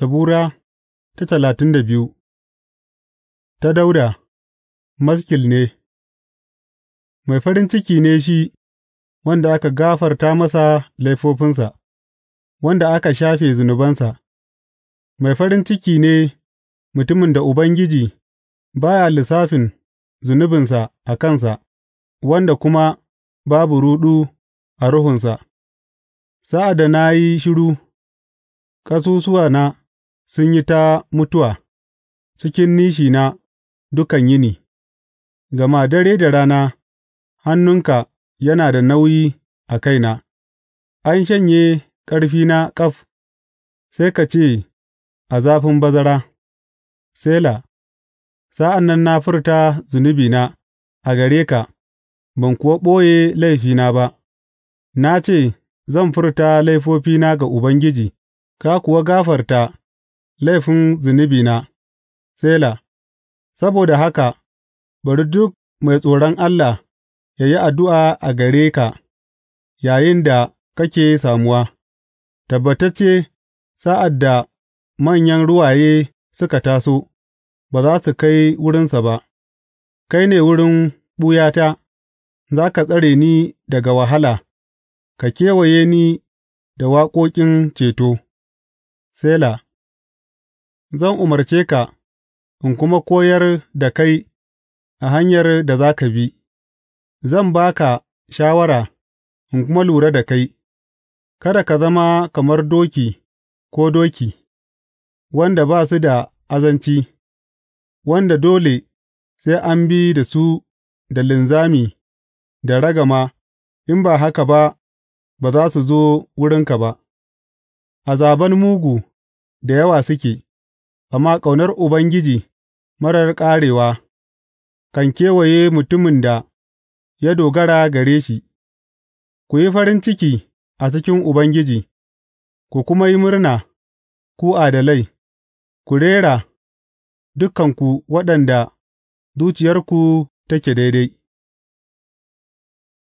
Zabura ta talatin da biyu Ta Dauda Maskil ne Mai farin ciki ne shi wanda aka gafarta masa laifofinsa, wanda aka shafe zunubansa, mai farin ciki ne mutumin da Ubangiji ba ya lissafin zunubinsa a kansa, wanda kuma babu ruɗu a ruhunsa, Sa'ad da na yi shiru, ƙasusuwa ƙasusuwana. sun yi ta mutuwa cikin nishina dukan yini, gama dare da rana hannunka yana da nauyi a kaina; an shanye ƙarfina ƙaf, sai ka ce a zafin bazara, Sela Sa'an nan na furta zunubina a gare ka ban kuwa ɓoye laifina ba; na ce, Zan furta laifofina ga Ubangiji, ka kuwa gafarta. laifin zunubina, Sela Saboda haka bari duk mai tsoron Allah ya yi addu'a a gare ka da kake samuwa, tabbatacce sa'ad da manyan ruwaye suka taso, ba za su kai wurinsa ba, kai ne wurin ɓuyata, za ka tsare ni daga wahala, ka kewaye ni da waƙoƙin ceto. Sela zan umarce ka in kuma koyar da kai a hanyar da za ka bi, zan ba ka shawara in kuma lura da kai, kada ka zama kamar doki ko doki, wanda ba su da azanci, wanda dole sai an bi da su da linzami da ragama, in ba haka ba, ba za su zo wurinka ba. Azaban mugu da yawa suke. Amma ƙaunar Ubangiji marar ƙarewa kan kewaye mutumin da ya dogara gare shi; ku yi farin ciki a cikin Ubangiji ku kuma yi murna, ku adalai, ku rera, dukanku waɗanda zuciyarku take daidai.